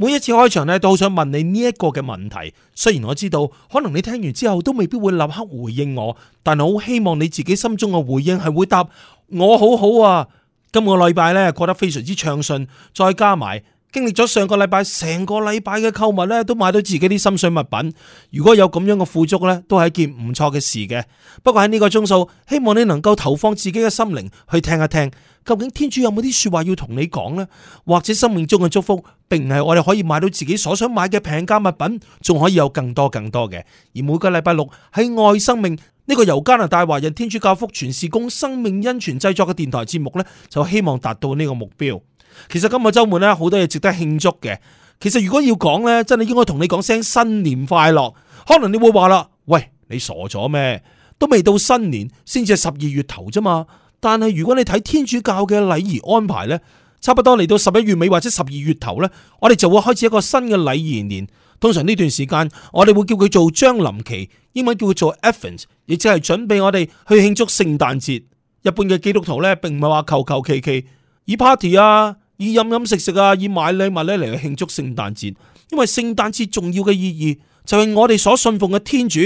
每一次開場咧，都好想問你呢一個嘅問題。雖然我知道可能你聽完之後都未必會立刻回應我，但係好希望你自己心中嘅回應係會答我好好啊。今個禮拜咧過得非常之暢順，再加埋經歷咗上個禮拜成個禮拜嘅購物咧，都買到自己啲心水物品。如果有咁樣嘅富足咧，都係一件唔錯嘅事嘅。不過喺呢個鐘數，希望你能夠投放自己嘅心靈去聽一聽。究竟天主有冇啲說話要同你講呢？或者生命中嘅祝福，並唔係我哋可以買到自己所想買嘅平價物品，仲可以有更多更多嘅。而每個禮拜六喺愛生命呢、這個由加拿大華人天主教福傳事工生命恩泉製作嘅電台節目呢，就希望達到呢個目標。其實今日周末呢，好多嘢值得慶祝嘅。其實如果要講呢，真係應該同你講聲新年快樂。可能你會話啦，喂，你傻咗咩？都未到新年，先至係十二月頭啫嘛。但係如果你睇天主教嘅禮儀安排呢，差不多嚟到，十一月尾或者十二月頭呢，我哋就會開始一個新嘅禮儀年。通常呢段時間，我哋會叫佢做將臨期，英文叫佢做 Advent，亦即係準備我哋去慶祝聖誕節。一般嘅基督徒呢，並唔係話求求其其以 party 啊，以飲飲食食啊，以買禮物呢嚟去慶祝聖誕節。因為聖誕節重要嘅意義就係我哋所信奉嘅天主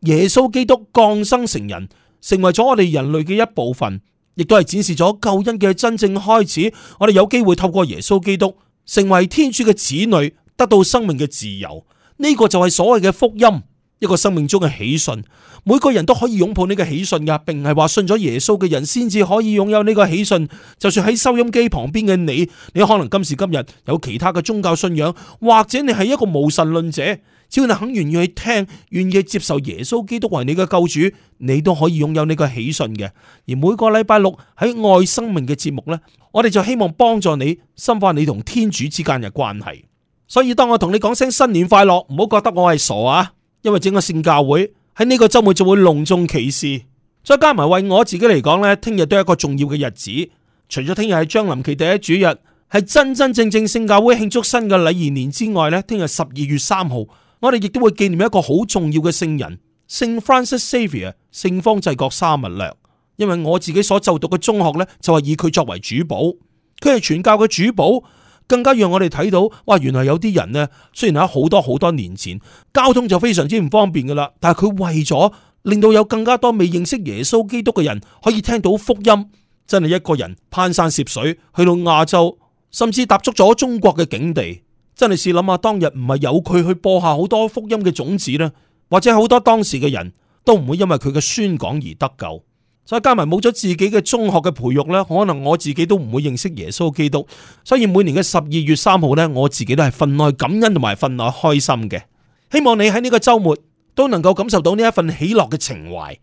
耶穌基督降生成人，成為咗我哋人類嘅一部分。亦都係展示咗救恩嘅真正開始，我哋有機會透過耶穌基督成為天主嘅子女，得到生命嘅自由。呢個就係所謂嘅福音，一個生命中嘅喜訊。每個人都可以擁抱呢個喜訊噶，並唔係話信咗耶穌嘅人先至可以擁有呢個喜訊。就算喺收音機旁邊嘅你，你可能今時今日有其他嘅宗教信仰，或者你係一個無神論者。只要你肯願意去聽，願意接受耶穌基督為你嘅救主，你都可以擁有呢個喜信嘅。而每個禮拜六喺愛生命嘅節目呢，我哋就希望幫助你深化你同天主之間嘅關係。所以當我同你講聲新年快樂，唔好覺得我係傻啊！因為整個聖教會喺呢個週末就會隆重其事，再加埋為我自己嚟講呢，聽日都係一個重要嘅日子。除咗聽日係將臨期第一主日，係真真正正聖教會慶祝新嘅禮儀年之外呢，聽日十二月三號。我哋亦都會紀念一個好重要嘅聖人，聖 Francis Xavier，聖方濟各沙勿略。因為我自己所就讀嘅中學咧，就係以佢作為主保，佢係傳教嘅主保，更加讓我哋睇到，哇！原來有啲人呢，雖然喺好多好多年前，交通就非常之唔方便噶啦，但係佢為咗令到有更加多未認識耶穌基督嘅人可以聽到福音，真係一個人攀山涉水去到亞洲，甚至踏足咗中國嘅境地。真係試諗下，當日唔係有佢去播下好多福音嘅種子呢？或者好多當時嘅人都唔會因為佢嘅宣講而得救。再加埋冇咗自己嘅中學嘅培育呢，可能我自己都唔會認識耶穌基督。所以每年嘅十二月三號呢，我自己都係分內感恩同埋分內開心嘅。希望你喺呢個周末都能夠感受到呢一份喜樂嘅情懷。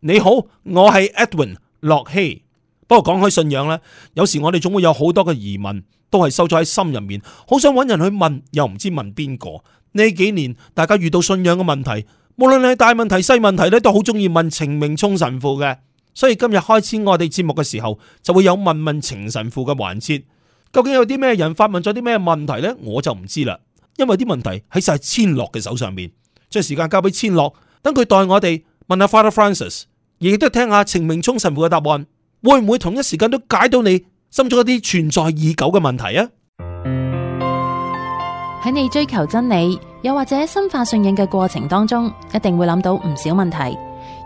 你好，我係 Edwin 駱曦。Hay 不過講開信仰咧，有時我哋總會有好多嘅疑問，都係收咗喺心入面，好想揾人去問，又唔知問邊個。呢幾年大家遇到信仰嘅問題，無論你係大問題、細問題咧，都好中意問程明聰神父嘅。所以今日開始我哋節目嘅時候，就會有問問程神父嘅環節。究竟有啲咩人發問咗啲咩問題呢？我就唔知啦，因為啲問題喺晒千樂嘅手上面。將時間交俾千樂，等佢代我哋問下 Father Francis，亦都聽下程明聰神父嘅答案。會唔會同一時間都解到你心中一啲存在已久嘅問題啊？喺你追求真理，又或者深化信仰嘅過程當中，一定會諗到唔少問題。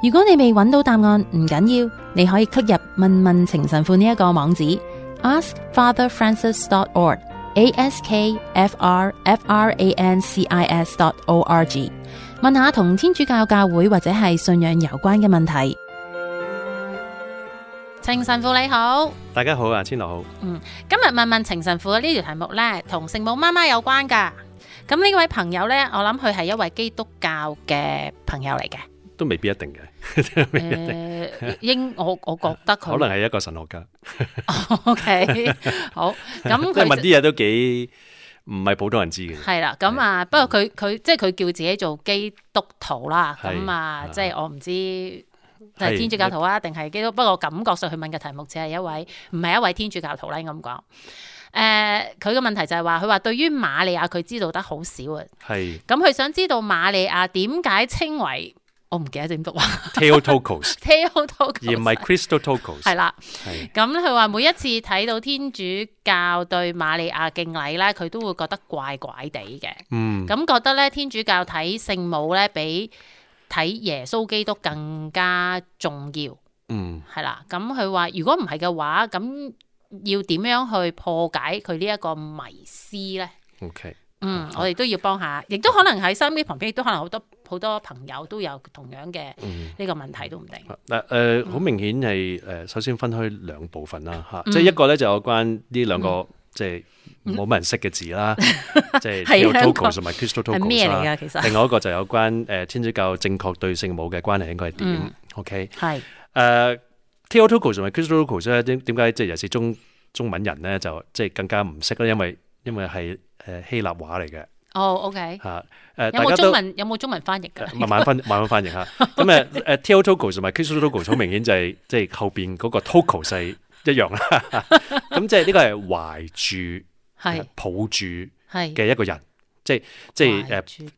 如果你未揾到答案，唔緊要，你可以切入問問情神父呢一個網址：askfatherfrancis.org，askf r f r a n c i s .org，問下同天主教教會或者係信仰有關嘅問題。情神父你好，大家好啊，千樂好。嗯，今日問問情神父嘅呢條題目咧，同聖母媽媽有關噶。咁呢位朋友咧，我諗佢係一位基督教嘅朋友嚟嘅，都未必一定嘅。誒、應、呃、我我覺得佢可能係一個神學家。 o、okay, K，好。咁佢 問啲嘢都幾唔係普通人知嘅。係啦，咁啊，的不過佢佢即係佢叫自己做基督徒啦。咁的啊，即係我唔知。就係天主教徒啊，定係基督？不過我感覺上去問嘅題目似係一位，唔係一位天主教徒啦、啊。咁講，誒、呃，佢嘅問題就係話，佢話對於瑪利亞佢知道得好少啊。係是。咁佢想知道瑪利亞點解稱為，稱為我唔記得點讀啊 Theotokos, t o t、ok、 o c o、ok、s t o t o s 而唔係 Christotokos 係啦。咁佢話每一次睇到天主教對瑪利亞敬禮咧，佢都會覺得怪怪地嘅。嗯。咁覺得咧，天主教睇聖母咧，比。睇耶穌基督更加重要，嗯，係啦。咁佢話：那如果唔係嘅話，咁要點樣去破解佢呢一個迷思呢？OK 嗯，嗯嗯我哋都要幫下，亦、啊、都可能喺收音機旁邊，亦都可能好多好多朋友都有同樣嘅呢個問題都唔定。嗱、啊，誒、呃，好明顯係誒，嗯、首先分開兩部分啦，嚇、嗯，即係一個呢，就有關呢兩個、嗯、即係。冇乜人識嘅字啦，即係 Theotokos 同埋 Christotokos 啦。咩嚟嘅？其實。另外一個就有關誒天主教正確對聖母嘅關係應該係點？OK 係誒 Theotokos 同埋 Christotokos 咧，點點解即係尤其是中中文人咧就即係更加唔識咧？因為因為係誒希臘話嚟嘅。哦，OK 吓，有冇中文有冇中文翻譯噶？慢慢翻，慢慢翻譯吓。咁啊誒 Theotokos 同埋 Christotokos 好明顯就係即係後邊嗰個 Tokos 係一樣啦。咁即係呢個係懷住。係抱住係嘅一個人，即係即係誒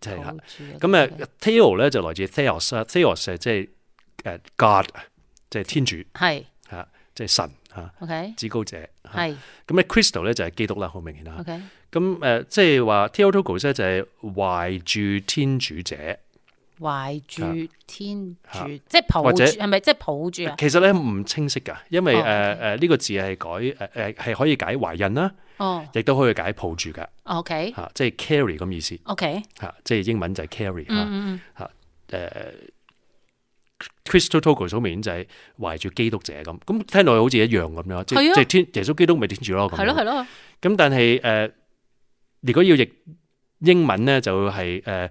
係誒，咁誒 Theo 咧，就來自 Theos，Theos 啊，係即係誒 God，即係天主，係吓，即係神嚇，OK，至高者係，咁咧 Christo 咧就係基督啦，好明顯啦。OK，咁誒即係話 Theotokos 咧就係懷住天主者。懷住天主，即係抱住，係咪即係抱住啊？其實咧唔清晰噶，因為誒誒呢個字係改誒誒係可以解懷孕啦，哦，亦都可以解抱住噶。OK，吓即係 carry 咁意思。OK，吓即係英文就係 carry 吓吓誒 Christo Togo 好明顯就係懷住基督者。咁，咁聽落好似一樣咁樣，即係即係天耶穌基督咪天主咯，係咯係咯。咁但係誒，如果要譯英文咧，就係誒。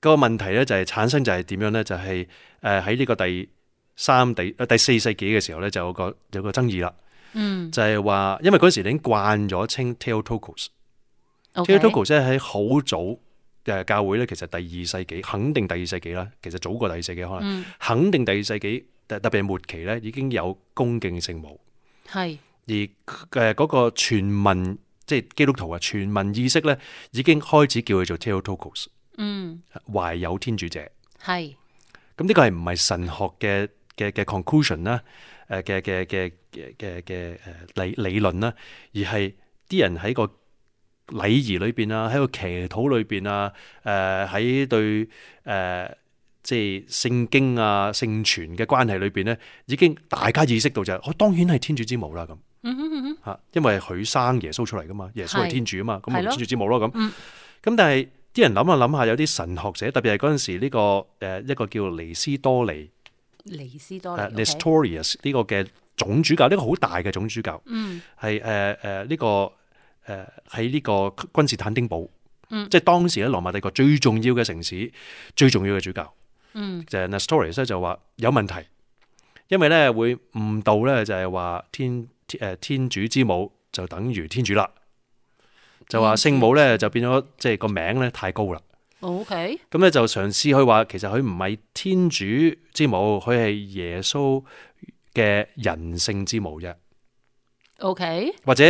個問題咧就係產生就係點樣咧？就係誒喺呢個第三第啊第四世紀嘅時候咧，就有個有個爭議啦。嗯，就係話，因為嗰陣時已經慣咗稱 Theotokos。Theotokos 即係喺好早嘅教會咧，其實第二世紀肯定第二世紀啦，其實早過第二世紀可能、嗯、肯定第二世紀，特別係末期咧已經有恭敬聖母。係是而誒嗰個全民即係基督徒啊，全民意識咧已經開始叫佢做 Theotokos。嗯，懷有天主者係咁呢個係唔係神學嘅嘅嘅 conclusion 啦？誒嘅嘅嘅嘅嘅嘅誒理理論啦，而係啲人喺個禮儀裏邊、呃呃、啊，喺個祈禱裏邊啊，誒喺對誒即係聖經啊聖傳嘅關係裏邊咧，已經大家意識到就係、是，我、哦、當然係天主之母啦咁。吓，嗯哼嗯哼因為佢生耶穌出嚟噶嘛，耶穌係天主啊嘛，咁是天主之母咯咁。咁的但係。嗯啲人諗下諗下，有啲神學者，特別係嗰陣時呢、這個誒、呃、一個叫尼斯多尼尼斯多尼 （Nestorius） 呢個嘅總主教，呢、這個好大嘅總主教，嗯，係誒誒呢個誒喺呢個君士坦丁堡，即係、嗯、當時咧羅馬帝國最重要嘅城市，最重要嘅主教，嗯，就係 Nestorius 就話有問題，因為咧會誤導咧就係話天誒天、呃、天主之母就等於天主啦。就話聖母咧就變咗，即係個名咧太高啦。O K，咁咧就嘗試去話，其實佢唔係天主之母，佢係耶穌嘅人性之母啫。O Okay . K，或者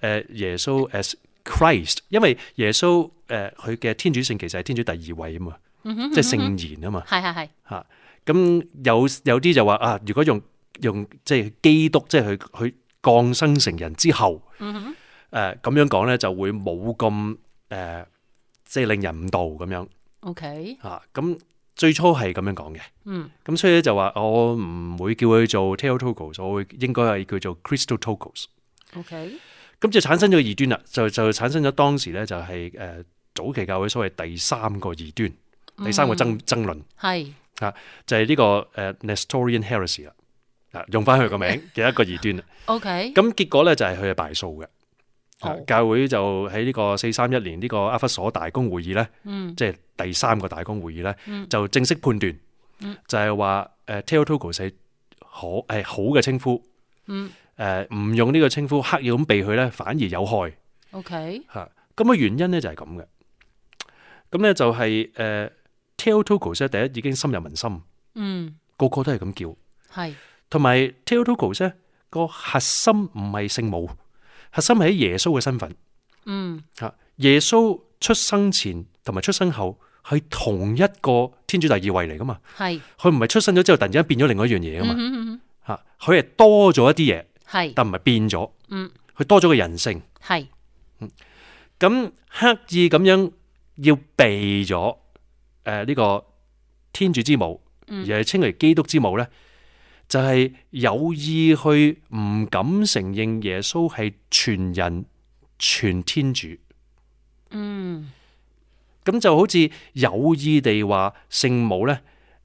誒耶穌 as Christ，因為耶穌誒佢嘅天主性其實係天主第二位啊、mm hmm. 嘛，即係聖言啊嘛。係係係吓，咁有有啲就話啊，如果用用即係、就是、基督，即係佢佢降生成人之後。Mm hmm. 誒咁樣講咧、呃，就會冇咁誒，即係令人誤導咁樣。OK 嚇、啊，咁最初係咁樣講嘅。嗯，咁所以咧就話我唔會叫佢做 Theotokos，我會應該係叫做 Christotokos。OK，咁就產生咗異端啦，就就產生咗當時咧就係、是、誒、呃、早期教會所謂第三個異端，嗯、第三個爭爭論係嚇是、啊，就係、是、呢個誒 Nestorian Heresy 啦。啊，用翻佢個名嘅一個異端啦。 OK，咁結果咧就係佢係敗訴嘅。教會就喺呢個四三一年呢個厄弗所大公會議咧，即係第三個大公會議咧，就正式判斷，就係話誒 Theotokos 係好係好嘅稱呼，誒唔用呢個稱呼刻意咁避佢咧，反而有害。OK，嚇咁嘅原因咧就係咁嘅，咁咧就係誒 Theotokos 咧第一已經深入民心，個個都係咁叫，係同埋 Theotokos 咧個核心唔係聖母，核心係喺耶穌嘅身份，嗯吓，耶穌出生前同埋出生後係同一個天主第二位嚟噶嘛，係佢唔係出生咗之後突然之間變咗另外一樣嘢啊嘛。吓佢係多咗一啲嘢，係是但唔係變咗，嗯，佢多咗個人性，係是，嗯，咁刻意咁樣要避咗誒呢個天主之母，而係稱為基督之母咧。就係有意去唔敢承認耶穌係全人全天主，嗯，咁就好似有意地話聖母咧，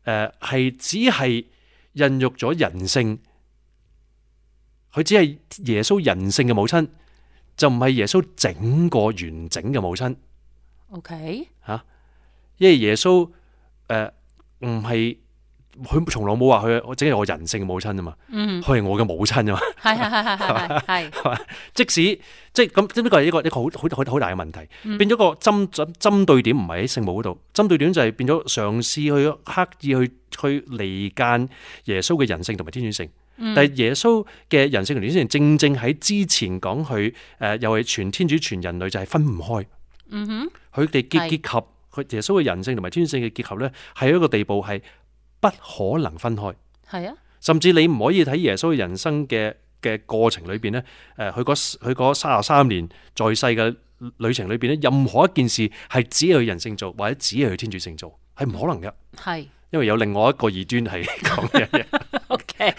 誒，係只係孕育咗人性，佢只係耶穌人性嘅母親，就唔係耶穌整個完整嘅母親。OK，吓，因為耶穌誒唔係。佢從來冇話佢，我淨係我人性嘅母親啫嘛，嗯哼，佢係我嘅母親啫嘛，係係吧即使即係咁，呢啲係一個一個好好好大嘅問題，嗯、哼變咗個針針對點唔係喺聖母嗰度，針對點就係變咗嘗試去刻意去去離間耶穌嘅人性同埋天主性，但係耶穌嘅人性同天主性，嗯、哼正正喺之前講佢誒又係全天主全人類就係分唔開，佢哋，嗯、哼結是結合佢耶穌嘅人性同埋天主性嘅結合咧，係一個地步係。不可能分開，係啊，甚至你唔可以睇耶穌嘅人生嘅嘅過程裏邊呢誒，佢嗰佢嗰三十三年在世嘅旅程裏邊咧，任何一件事係只係去人性做，或者只係去天主性做，係唔可能嘅。係。因為有另外一個異端係講嘢，OK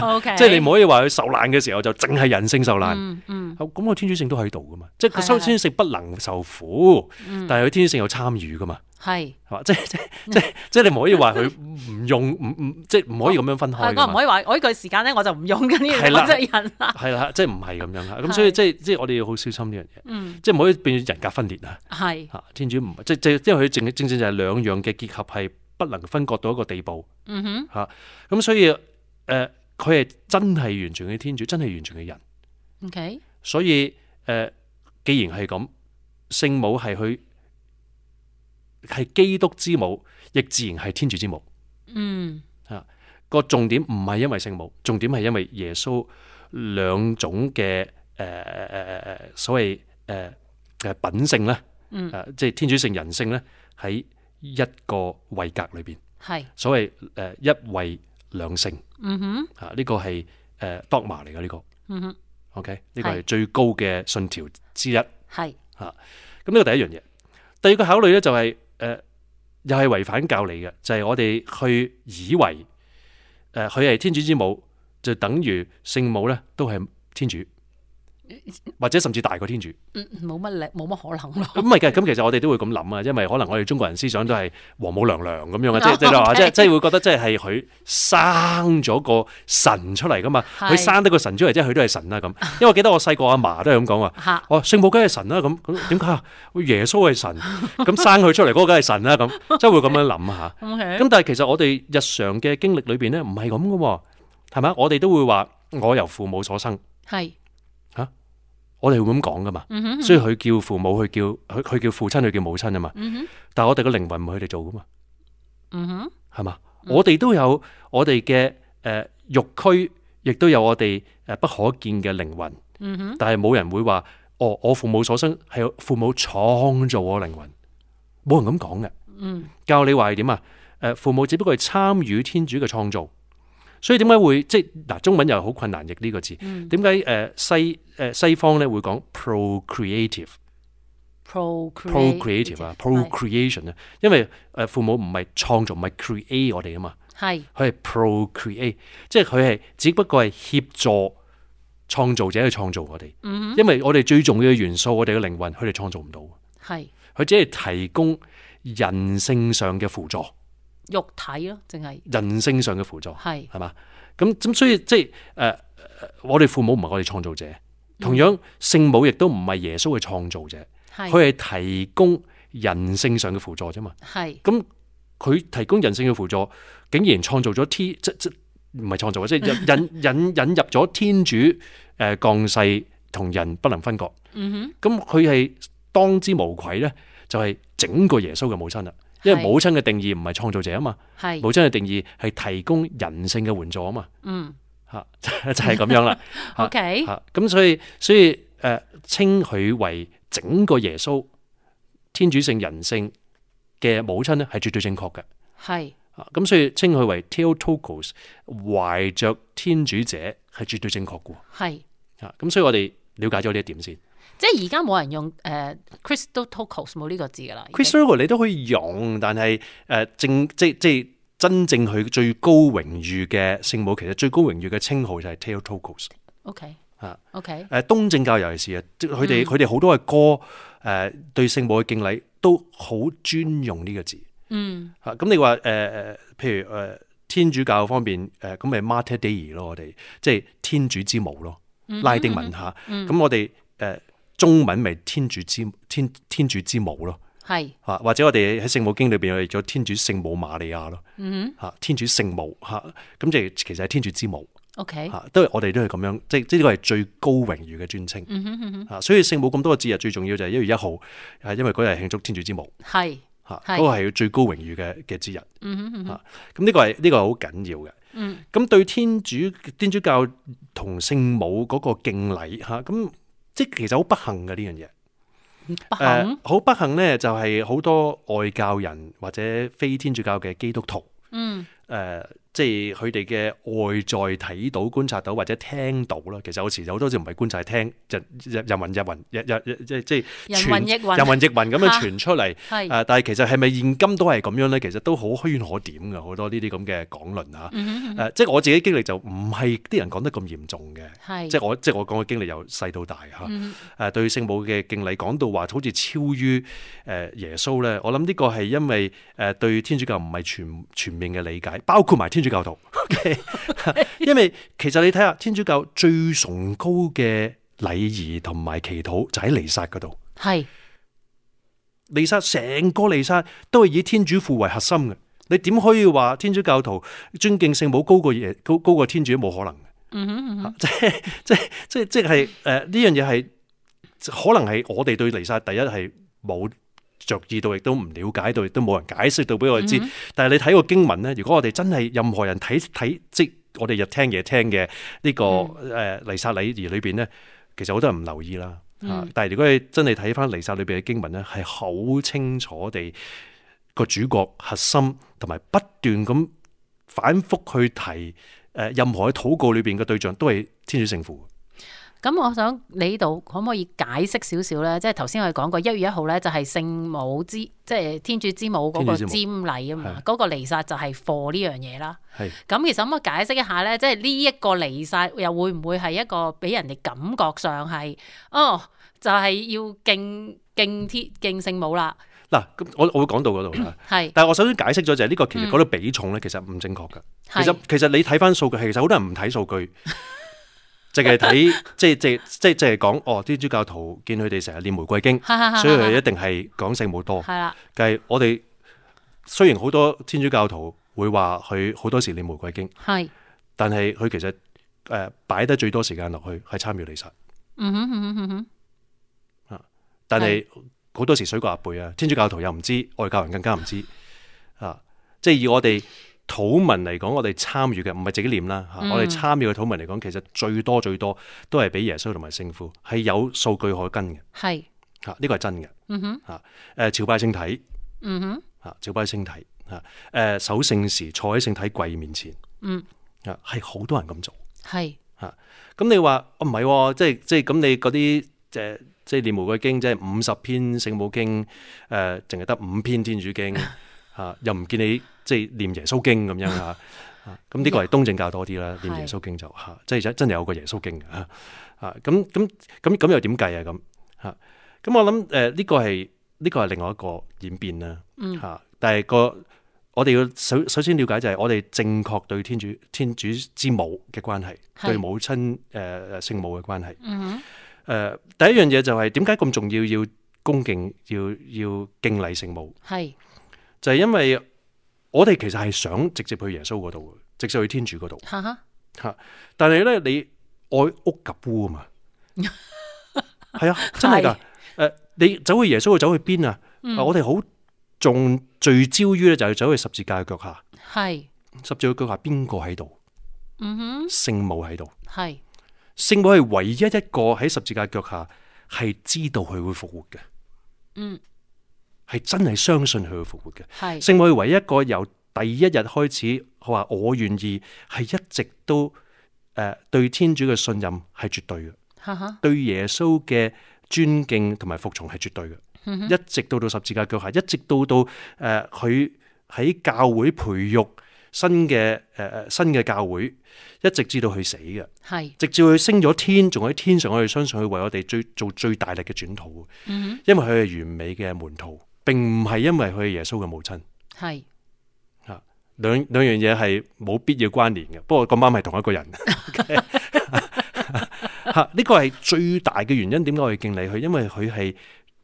OK，即係你唔可以話佢受難嘅時候就淨係人性受難，咁個天主性都喺度噶嘛，即係佢收天主性不能受苦，但係佢天主性有參與噶嘛，係，即係即係即係你唔可以話佢唔用唔唔，即係唔可以咁樣分開，我唔可以話我呢個時間咧我就唔用緊呢兩樣人啦，係啦，即係唔係咁樣啦，咁所以即係即係我哋要好小心呢樣嘢，即係唔可以變人格分裂啊，係，天主唔即即因為佢正正正就係兩樣嘅結合係。不能分割到一個地步，嗯哼，吓、啊，咁所以誒，佢、呃、係真係完全嘅天主，真係完全嘅人，OK，所以誒、呃，既然係咁，聖母係佢係基督之母，亦自然係天主之母，嗯，吓、啊個重點唔係因為聖母，重點係因為耶穌兩種嘅誒誒誒所謂誒誒品性咧，誒、嗯啊，即係天主性人性咧喺。一個位格裏邊係是所謂誒一位兩性，啊呢個係誒 dogma 嚟嘅。呢個、嗯、哼，OK 呢個係最高嘅信條之一係吓，咁呢個第一樣嘢。第二個考慮咧就係、是、誒、呃、又係違反教理嘅就係、是、我哋去以為誒佢係天主之母，就等於聖母咧都係天主。或者甚至大過天主，冇乜力，冇乜可能咯。咁唔係嘅，咁其實我哋都會咁諗啊，因為可能我哋中國人思想都係王母娘娘咁樣啊，即係即係話，即係即係會覺得，即係係佢生咗個神出嚟噶嘛，佢生得個神出嚟，即係佢都係神啦咁。因為記得我細個阿嫲都係咁講啊，哦，聖母梗係神啦，咁咁點解耶穌係神？咁生佢出嚟嗰個梗係神啦，咁即係會咁樣諗下。咁係。咁但係其實我哋日常嘅經歷裏邊咧，唔係咁噶，係咪？我哋都會話我由父母所生。係。我哋會咁講噶嘛？所以佢叫父母，去叫佢佢叫父親，去叫母親啊嘛。但係我哋個靈魂唔係佢哋做噶嘛？係嘛？我哋都有我哋嘅，誒肉軀，亦都有我哋誒不可見嘅靈魂。嗯、哼但係冇人會話，哦，我父母所生係父母創造我靈魂，冇人咁講嘅。教你話係點啊？誒，父母只不過係參與天主嘅創造。所以點解會即係嗱中文又係好困難譯呢個字？點解誒西誒西方咧會講 procreative？pro procreative 啊，procreation 啊，因為誒父母唔係創造，唔係 create 我哋啊嘛，係佢係是 procreate，即係佢係只不過係協助創造者去創造我哋。嗯、哼因為我哋最重要嘅元素，我哋嘅靈魂，佢哋創造唔到，係佢是只係提供人性上嘅輔助。肉體咯，淨係人性上嘅輔助，係係嘛？咁咁，所以即係誒，我哋父母唔係我哋創造者，嗯、同樣聖母亦都唔係耶穌嘅創造者，係佢係提供人性上嘅輔助啫嘛，係是。咁佢提供人性嘅輔助，竟然創造咗天，即即唔係創造啊，即引引引入咗天主誒、呃、降世同人不能分割。嗯哼，咁佢係當之無愧咧，就係、是、整個耶穌嘅母親啦。因為母親嘅定義唔係創造者啊嘛，是母親嘅定義係提供人性嘅援助啊嘛，嗯，吓 就係咁樣啦 ，OK，咁所以所以誒稱佢為整個耶穌天主性人性嘅母親咧，係絕對正確嘅，係是，啊咁所以稱佢為 Theotokos 懷着天主者係絕對正確嘅，係是，咁所以我哋了解咗呢一點先。即係而家冇人用誒 Christotokos 冇呢個字噶啦，Crystal 你都可以用，但係誒、呃、正即即係真正佢最高榮譽嘅聖母，其實最高榮譽嘅稱號就係 Theotokos。O okay , K 啊，O K 誒東正教尤其是啊，即佢哋佢哋好多嘅歌誒、呃、對聖母嘅敬禮都好專用呢個字。嗯啊，咁你話誒誒，譬如誒、呃、天主教方面誒咁咪 Mater Dei 咯，呃、i, 我哋即係天主之母咯拉丁文嚇。咁、嗯嗯嗯啊、我哋誒。呃中文咪天主之天天主之母咯，係是或者我哋喺聖母經裏邊我哋叫天主聖母瑪利亞咯，吓、mm hmm. 天主聖母吓，咁即係其實係天主之母，OK，吓都係我哋都係咁樣，即係呢個係最高榮譽嘅尊稱，吓、mm hmm. 所以聖母咁多個節日最重要就係一月一號，因為嗰日係慶祝天主之母，係吓嗰個係最高榮譽嘅嘅節日，嗯吓咁呢個係呢、呢個係好緊要嘅，嗯、mm，咁、hmm. 對天主天主教同聖母嗰個敬禮吓咁。其實好不幸嘅呢樣嘢，不幸，呃，好不幸咧，就係好多外教人或者非天主教嘅基督徒，嗯，誒。即係佢哋嘅外在睇到、觀察到或者聽到啦。其實好似好多時唔係觀察聽，係聽人人日人日人即人即係即係人云亦云咁樣傳出嚟。但係其實係咪現今都係咁樣咧？其實都好虛可點㗎，好多呢啲咁嘅講論嚇。即係我自己經歷就唔係啲人講得咁嚴重嘅。是即係我即係我講嘅經歷，由細到大嚇。誒、啊嗯嗯啊，對聖母嘅敬禮講到話好似超於誒耶穌咧。我諗呢個係因為誒對天主教唔係全全面嘅理解，包括埋天。天主教徒，okay? 因為其實你睇下天主教最崇高嘅禮儀同埋祈禱就喺彌撒嗰度，係彌是撒成個彌撒都係以天主父為核心嘅，你點可以話天主教徒尊敬聖母高過高高過天主冇可能嘅，嗯嗯， 即係即係即係即係，誒呢樣嘢係可能係我哋對彌撒第一係冇。着意到亦都唔了解到，亦都冇人解釋到俾我哋知。嗯、哼但係你睇個經文咧，如果我哋真係任何人睇睇，即我哋日聽夜聽嘅呢、這個誒彌、嗯呃、撒禮儀裏邊咧，其實好多人唔留意啦。嚇、嗯！但係如果你真係睇翻彌撒裏邊嘅經文咧，係好清楚地、那個主角核心同埋不斷咁反覆去提誒、呃、任何喺禱告裏邊嘅對象都係天主聖父。咁我想你呢度可唔可以解釋少少咧？即係頭先我哋講過一月一號咧，就係聖母之即係天主之母嗰個瞻禮啊嘛，嗰個彌撒就係貨呢樣嘢啦。係。咁其實可唔可以解釋一下咧？即係呢一個彌撒又會唔會係一個俾人哋感覺上係哦，oh, 就係要敬敬天敬，敬聖母啦？嗱、啊，咁我我會講到嗰度啦。係、嗯。但係我首先解釋咗就係呢個其實嗰個比重咧、嗯，其實唔正確㗎。其實其實你睇返數據，其實好多人唔睇數據。 淨係睇，即係即係即係即係講哦，天主教徒見佢哋成日念玫瑰經， 所以佢一定係講聖母多。係啦， 但係我哋雖然好多天主教徒會話佢好多時念玫瑰經，係， 但係佢其實誒擺、呃、得最多時間落去係參與彌撒。啊， 但係好多時水過鴨背啊，天主教徒又唔知，外教人更加唔知。啊，即係以我哋。土民嚟講，我哋參與嘅唔係自己念啦，吓、嗯，我哋參與嘅土文嚟講，其實最多最多都係俾耶穌同埋聖父，係有數據可跟嘅。係吓呢個係真嘅，嗯哼，吓誒朝拜聖體，嗯哼，吓朝拜聖體，吓誒守聖時坐喺聖體櫃面前，嗯，吓係好多人咁做，係吓咁你話哦唔係，即係即係咁你嗰啲即係即係念《玫瑰經》，即係五十篇聖母經，誒淨係得五篇天主經，吓 又唔見你。即係念耶穌經咁樣啊，咁呢 個係東正教多啲啦， 念耶穌經就吓，即係是真真係有個耶穌經啊，啊咁咁咁咁又點計啊咁吓？咁 我諗誒呢個係呢、呢個係另外一個演變啦吓，嗯、但係個我哋要首首先了解就係我哋正確對天主天主之母嘅關係，是對母親誒、呃、聖母嘅關係。誒、嗯哼呃，第一樣嘢就係點解咁重要要恭敬要要敬禮聖母？係是，就係因為。我哋其實係想直接去耶穌嗰度嘅，直接去天主嗰度。吓吓、啊，但係咧，你愛屋及烏啊嘛，係 啊，真係噶。誒是、啊，你走去耶穌，會走去邊、嗯、啊？我哋好重聚焦於咧，就係走去十字架嘅腳下。係是十字架腳下，邊個喺度？嗯哼，聖母喺度。係聖是母係唯一一個喺十字架腳下係知道佢會復活嘅。嗯。係真係相信佢會復活嘅，聖母是唯一一個由第一日開始，佢話我願意係一直都誒、呃、對天主嘅信任係絕對嘅，啊、哈對耶穌嘅尊敬同埋服從係絕對嘅、嗯哼，一直到到十字架腳下，一直到到誒佢喺教會培育新嘅誒、呃、新嘅教會，一直是直到佢死嘅，直至佢升咗天，仲喺天上，我哋相信佢為我哋最做最大力嘅轉禱，嗯、哼因為佢係完美嘅門徒。並唔係因為佢係耶穌嘅母親，係吓兩兩樣嘢係冇必要關聯嘅。不過個媽咪係同一個人，吓呢個係最大嘅原因。點解我哋敬禮佢？因為佢係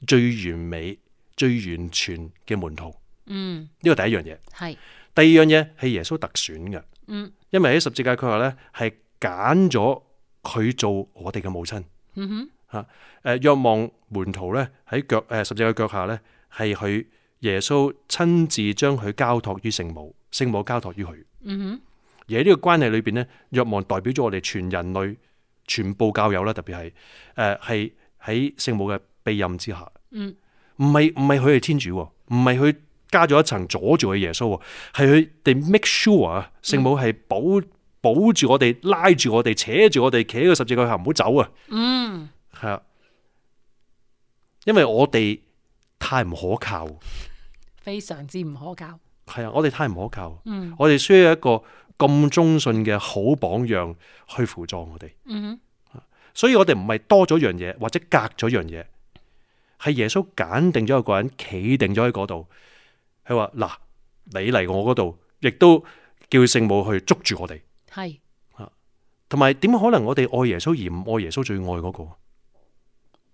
最完美、最完全嘅門徒。嗯，呢個第一樣嘢係。是第二樣嘢係耶穌特選嘅。嗯，因為喺十字架腳下咧，係揀咗佢做我哋嘅母親。嗯哼，吓誒、啊，若望門徒咧喺腳誒十字架腳下咧。係佢耶穌親自將佢交託於聖母，聖母交託於佢。嗯哼，而喺呢個關係裏邊咧，若望代表咗我哋全人類全部教友啦，特別係誒係喺聖母嘅庇蔭之下。嗯，唔係唔係佢係天主，唔係佢加咗一層阻住佢耶穌，係佢哋 make sure 聖母係保保住我哋，拉住我哋，扯住我哋，企喺個十字架下唔好走啊。嗯，係啊，因為我哋。太唔可靠，非常之唔可靠。係啊，我哋太唔可靠。嗯，我哋需要一個咁忠信嘅好榜樣去輔助我哋。嗯哼，所以我哋唔係多咗樣嘢，或者隔咗樣嘢，係耶穌揀定咗一個人，企定咗喺嗰度。佢話嗱，你嚟我嗰度，亦都叫聖母去捉住我哋。係啊，同埋點可能我哋愛耶穌而唔愛耶穌最愛嗰個？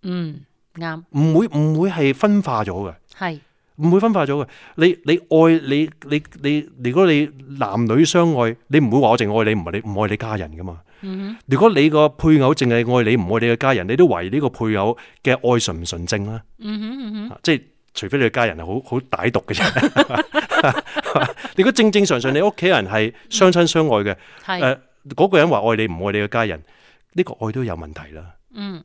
嗯。啱，唔對會唔會係分化咗嘅？係唔會分化咗嘅。你你愛你你你，你，如果你男女相愛，你唔會話我淨愛你，唔係你唔愛你家人噶嘛。嗯、哼如果你個配偶淨係愛你，唔愛你嘅家人，你都懷疑呢個配偶嘅愛純唔純正啦。即係、嗯嗯、除非你嘅家人係好好歹毒嘅人。 如果正正常常你屋企人係相親相愛嘅，嗰、嗯呃嗰個人話愛你唔愛你嘅家人，呢、呢個愛都有問題啦。嗯，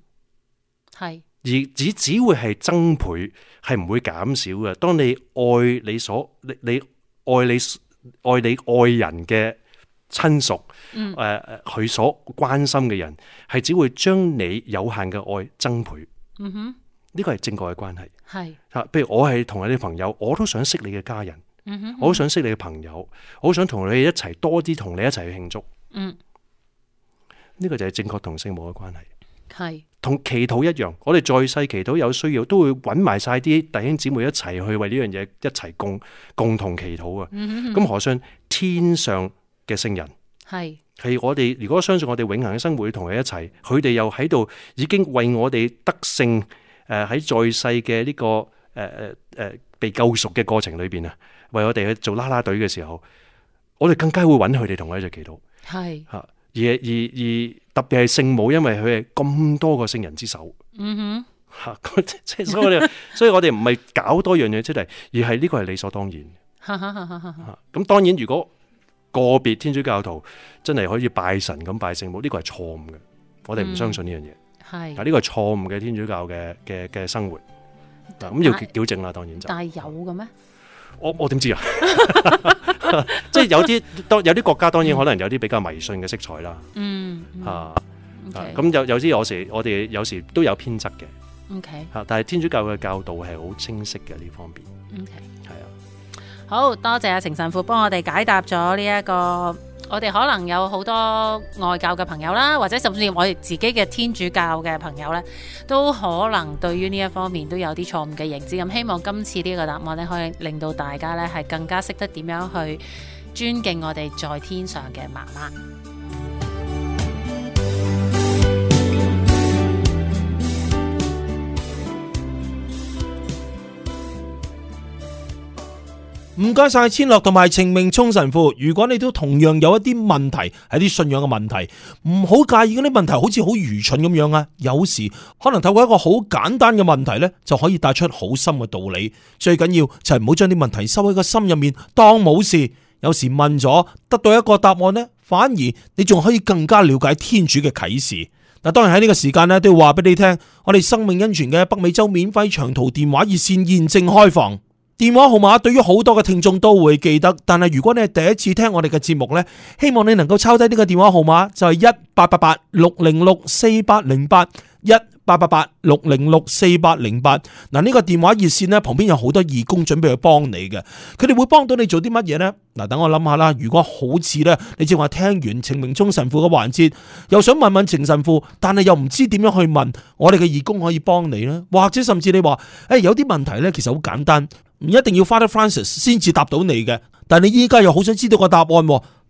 係。而只只會係增倍，係唔會減少嘅。當你愛你所你你愛你愛你愛人嘅親屬，誒佢、嗯呃、所關心嘅人，係只會將你有限嘅愛增倍。嗯哼，呢個係正確嘅關係。係吓是，譬如我係同你啲朋友，我都想識你嘅家人，嗯哼，我都想識你嘅朋友，我都想同你一齊多啲同你一齊去慶祝。嗯，呢個就係正確同聖母嘅關係。係同是祈禱一樣，我哋在世祈禱有需要，都會揾埋晒啲弟兄姊妹一齊去為呢樣嘢一齊共共同祈禱啊！咁 何信天上嘅聖人係系是我哋如果相信我哋永恒嘅生活同佢一齊，佢哋又喺度已經為我哋得勝誒喺在世嘅呢、這個誒誒誒被救贖嘅過程裏邊啊，為我哋去做啦啦隊嘅時候，我哋更加會揾佢哋同我一齊祈禱。係吓而而而。而而特別係聖母，因為佢係咁多個聖人之首。嗯哼，吓，即係所以我哋，所以我哋唔係搞多樣嘢出嚟，而係呢個係理所當然。咁 當然，如果個別天主教徒真係可以拜神咁拜聖母，呢個係錯誤嘅，我哋唔相信呢樣嘢。係、嗯，啊呢個係錯誤嘅天主教嘅嘅嘅生活。咁但要矯正啦，當然就。但係有嘅咩？我我點知啊？ 即係有啲當有啲國家當然可能有啲比較迷信嘅色彩啦、嗯。嗯、咁、啊 Okay. 嗯、有有啲有時我哋有時都有偏執嘅。O Okay . K，但係天主教嘅教導係好清晰嘅，呢方面。O K，係啊，好多謝阿程神父幫我哋解答咗呢一個。我哋可能有好多外教嘅朋友啦，或者甚至我哋自己嘅天主教嘅朋友咧，都可能對於呢一方面都有啲錯誤嘅認知。咁希望今次呢個答案咧，可以令到大家咧係更加識得點樣去尊敬我哋在天上嘅媽媽。唔該晒，謝謝千樂同埋晴明聰神父。如果你都同樣有一啲問題，係啲信仰嘅問題，唔好介意嗰啲問題，好似好愚蠢咁樣啊！有時可能透過一個好簡單嘅問題呢，就可以帶出好深嘅道理。最緊要就係唔好將啲問題收喺個心入面，當冇事。有時問咗，得到一個答案呢，反而你仲可以更加了解天主嘅啟示。但當然喺呢個時間呢，都要話俾你聽，我哋生命恩泉嘅北美洲免費長途電話熱線現正開放。電話號碼對於好多嘅聽眾都會記得，但係如果你係第一次聽我哋嘅節目呢，希望你能夠抄低呢個電話號碼就是，就係一八八八六零六四八零八一八八八六零六四八零八。嗱呢、呢個電話熱線呢，旁邊有好多義工準備去幫你嘅，佢哋會幫到你做啲乜嘢咧？嗱，等我諗下啦。如果好似咧，你正話聽完程明忠神父嘅環節，又想問問程神父，但係又唔知點樣去問，我哋嘅義工可以幫你呢，或者甚至你話，誒、哎、有啲問題呢，其實好簡單。唔一定要 Father Francis 先至答到你嘅，但係你依家又好想知道個答案，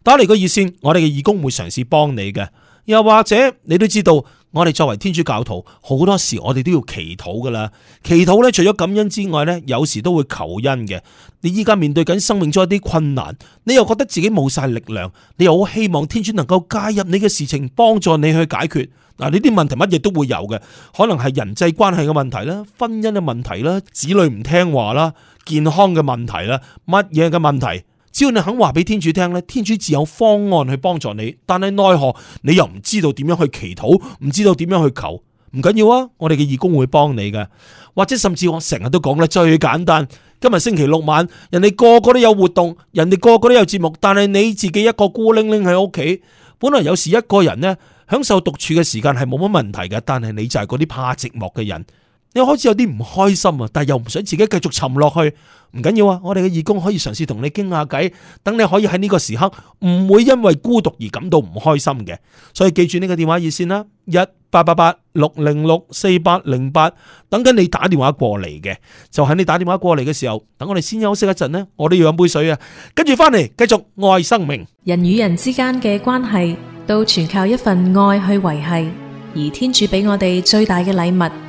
打嚟個熱線，我哋嘅義工會嘗試幫你嘅，又或者你都知道。我哋作為天主教徒，好多時我哋都要祈禱㗎喇。祈禱咧，除咗感恩之外咧，有時都會求恩嘅。你依家面對緊生命中一啲困難，你又覺得自己冇晒力量，你又好希望天主能夠介入你嘅事情，幫助你去解決。嗱，呢啲問題乜嘢都會有嘅，可能係人際關係嘅問題啦，婚姻嘅問題啦，子女唔聽話啦，健康嘅問題啦，乜嘢嘅問題。只要你肯話俾天主聽咧，天主自有方案去幫助你。但係奈何你又唔知道點樣去祈禱，唔知道點樣去求，唔緊要啊！我哋嘅義工會幫你嘅，或者甚至我成日都講咧，最簡單。今日星期六晚，人哋個個都有活動，人哋個個都有節目，但係你自己一個孤零零喺屋企。本來有時一個人呢，享受獨處嘅時間係冇乜問題嘅，但係你就係嗰啲怕寂寞嘅人。你開始有啲唔開心啊，但又唔想自己繼續沉落去，唔緊要啊！我哋嘅義工可以嘗試同你傾下偈，等你可以喺呢個時刻唔會因為孤獨而感到唔開心嘅。所以記住呢個電話熱線啦，一八八八六零六四八零八，等緊你打電話過嚟嘅，就喺你打電話過嚟嘅時候，等我哋先休息一陣呢。我都要飲杯水啊，跟住翻嚟繼續愛生命，人與人之間嘅關係都全靠一份愛去維繫，而天主俾我哋最大嘅禮物。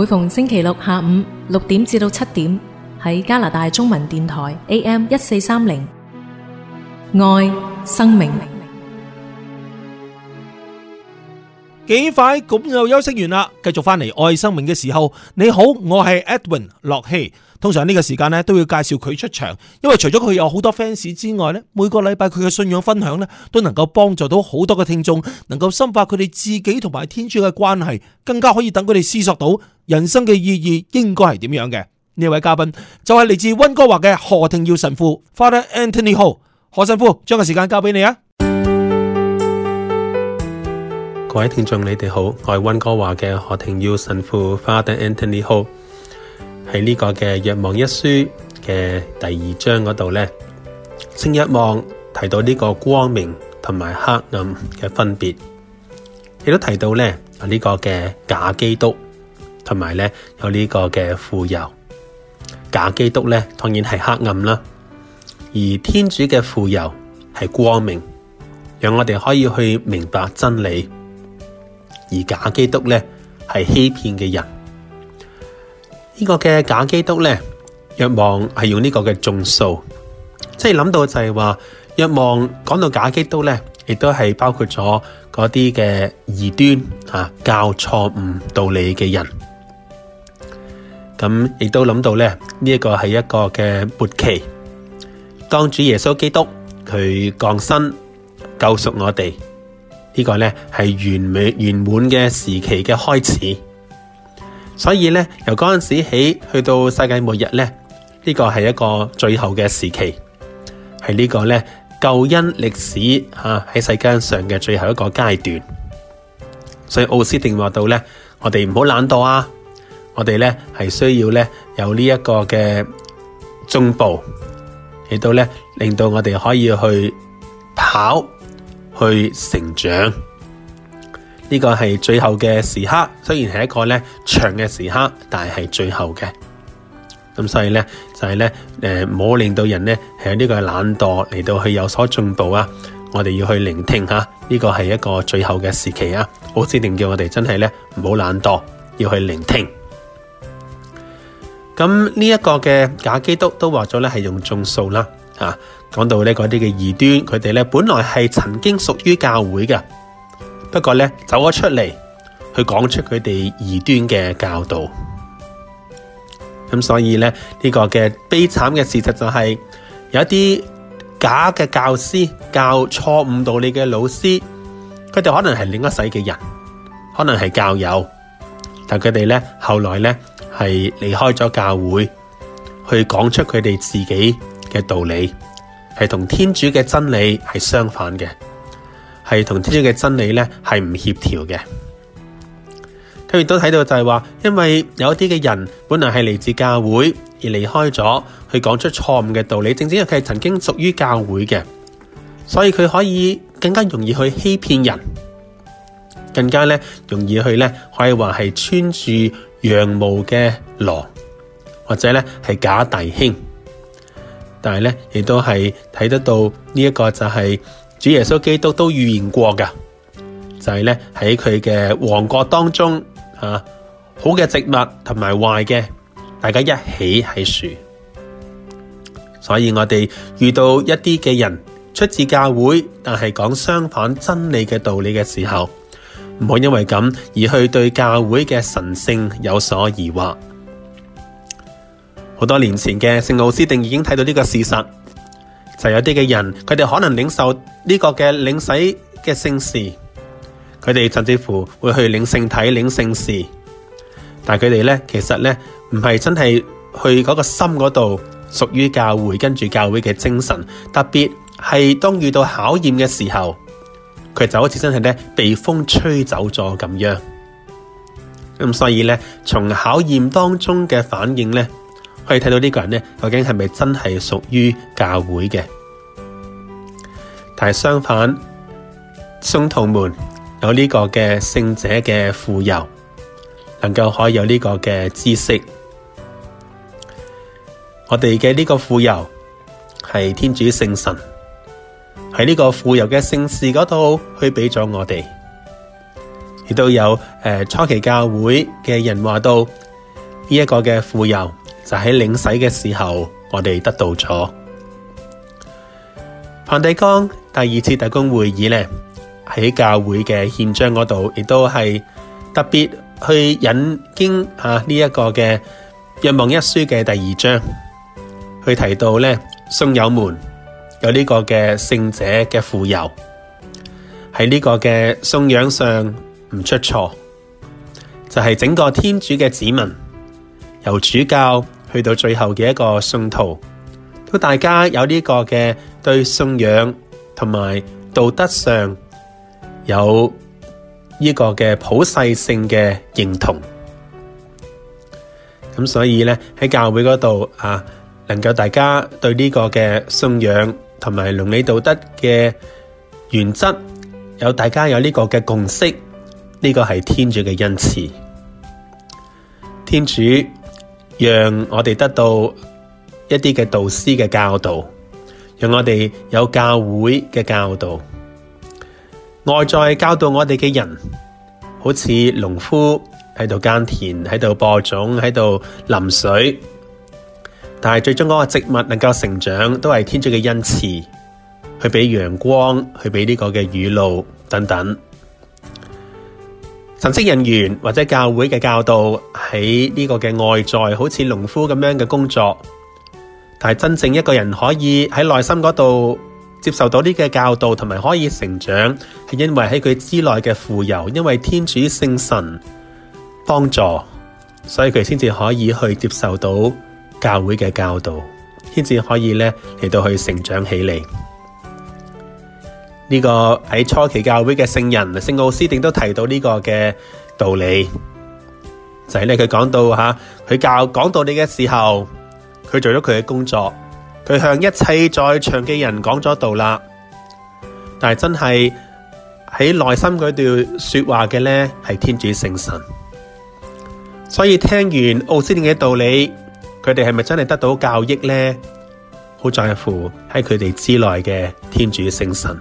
每逢星期六下午六點至到七點，喺加拿大中文電台 AM 一四三零，愛生命。幾快咁又休息完啦，繼續翻嚟愛生命嘅時候，你好，我係 Edwin 駱曦。通常呢個時間呢都要介紹佢出場，因為除咗佢有好多 fans 之外呢，每個禮拜佢嘅信仰分享呢都能夠幫助到好多個聽眾，能夠深化佢哋自己同埋天主嘅關係，更加可以等佢哋思索到人生嘅意義應該係點樣嘅。呢位嘉賓就係嚟自溫哥華嘅何廷耀神父 Father Anthony Ho，何神父將個時間交俾你啊！各位聽眾，你哋好，我係溫哥華嘅何庭耀神父 Father Anthony Ho。喺呢、這個嘅《若望一書》嘅第二章嗰度咧，聖若望提到，這提到呢這個光明同埋黑暗嘅分別，亦都提到咧呢個嘅假基督同埋咧有呢有個嘅傅油假基督咧，當然係黑暗啦。而天主嘅傅油係光明，讓我哋可以去明白真理。而假基督咧係欺騙嘅人，呢個嘅假基督咧，若望係用呢個嘅眾數，即係諗到就係話若望講到假基督咧，亦都係包括咗嗰啲嘅異端啊教錯誤道理嘅人，咁亦都諗到咧呢一個係一個嘅末期，當主耶穌基督佢降生救贖我哋。呢個呢係完滿圓滿嘅時期嘅開始，所以呢由嗰陣時起去到世界末日呢，呢、呢個係一個最後嘅時期，係呢個呢，救恩歷史吓喺、啊、世間上嘅最後一個階段。所以奧斯定話到呢，我哋唔好懶惰啊，我哋呢係需要呢有呢一個嘅中部，起到呢令到我哋可以去跑。去成長，呢、這個係最後嘅時刻，雖然係一個咧長嘅時刻，但係係最後嘅。咁所以呢，就係、是、呢，誒、呃，唔好令到人呢喺呢個懶惰嚟到去有所進步啊！我哋要去聆聽吓、啊，呢、這個係一個最後嘅時期啊！好指定叫我哋真係呢，唔好懶惰，要去聆聽。咁呢一個嘅假基督都話咗呢係用眾數啦。啊，講到呢啲嘅異端，佢哋呢本來係曾經屬於教會嘅，不過呢，走咗出嚟去講出佢哋異端嘅教導，咁所以呢，呢、這個嘅悲慘嘅事實就係、是、有一啲假嘅教師教錯誤道理嘅老師，佢哋可能係另一世嘅人，可能係教友，但佢哋呢，後來呢，係離開咗教會去講出佢哋自己。嘅道理係同天主嘅真理係相反嘅，係同天主嘅真理咧係唔協調嘅。佢亦都睇到就係話，因為有一啲嘅人本來係嚟自教會而離開咗，去講出錯誤嘅道理，正正因為佢係曾經屬於教會嘅，所以佢可以更加容易去欺騙人，更加咧容易去咧可以話係穿住羊毛嘅狼，或者咧係假弟兄。但係咧，亦都係睇得到呢一個就係主耶穌基督都預言過噶，就係咧喺佢嘅王國當中啊，好嘅植物同埋壞嘅，大家一起喺樹。所以我哋遇到一啲嘅人出自教會，但係講相反真理嘅道理嘅時候，唔好因為咁而去對教會嘅神聖有所疑惑。好多年前嘅聖奧斯定已經睇到呢個事實，就有啲嘅人，佢哋可能領受呢個嘅領洗嘅聖事，佢哋甚至乎會去領聖體、領聖事，但佢哋呢，其實呢，唔係真係去嗰個心嗰度屬於教會，跟住教會嘅精神，特別係當遇到考驗嘅時候，佢就好似真係呢被風吹走咗咁樣。咁所以呢，從考驗當中嘅反應呢。可以睇到呢個人咧，究竟係咪真係屬於教會嘅？但係相反，信徒們有呢個嘅聖者嘅傅油，能夠可以有呢個嘅知識。我哋嘅呢個傅油係天主聖神喺呢個傅油嘅聖事嗰度去俾咗我哋，亦都有誒、呃、初期教會嘅人話到呢一、這個嘅傅油。就喺領洗嘅時候，我哋得到咗。梵蒂岡第二次特工會議呢，喺教會嘅憲章嗰度，亦都係特別去引經啊呢一個嘅《若望一書》嘅第二章，去提到呢，信友們有呢個嘅聖者嘅傅油，喺呢個嘅信仰上唔出錯，就係、是、整個天主嘅子民由主教。去到最後嘅一個信徒，都大家有呢個嘅對信仰同埋道德上有呢個嘅普世性嘅認同。咁所以呢，喺教會嗰度啊，能夠大家對呢個嘅信仰同埋倫理道德嘅原則，有大家有呢個嘅共識，呢個係天主嘅恩賜，天主。讓我哋得到一啲嘅導師嘅教導，讓我哋有教會嘅教導，外在教導我哋嘅人，好似農夫喺度耕田，喺度播種，喺度淋水，但係最終嗰個植物能夠成長，都係天主嘅恩賜，去俾陽光，去俾呢個嘅雨露等等。神職人員或者教會嘅教導喺呢個嘅外在，好似農夫咁樣嘅工作，但係真正一個人可以喺內心嗰度接受到呢個教導，同埋可以成長，係因為喺佢之內嘅富有，因為天主聖神幫助，所以佢先至可以去接受到教會嘅教導，先至可以呢，嚟到去成長起嚟。呢、這個喺初期教會嘅聖人聖奧斯定都提到呢個嘅道理，就係呢佢講到吓，佢、啊、教講道理嘅時候，佢做咗佢嘅工作，佢向一切在場嘅人講咗道啦。但係真係喺內心嗰段說話嘅呢，係天主聖神。所以聽完奧斯定嘅道理，佢哋係咪真係得到教益呢？好在乎喺佢哋之內嘅天主聖神。